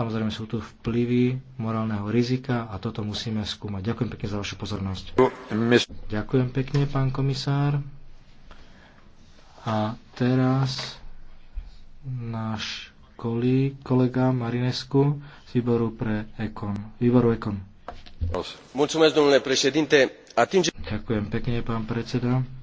Samozrejme sú tu vplyvy morálneho rizika a toto musíme skúmať. Ďakujem pekne za vašu pozornosť. Ďakujem pekne, pán komisár. A teraz náš kolega Marinescu z výboru pre Ekon. Výboru Ekon. Ďakujem pekne, pán predseda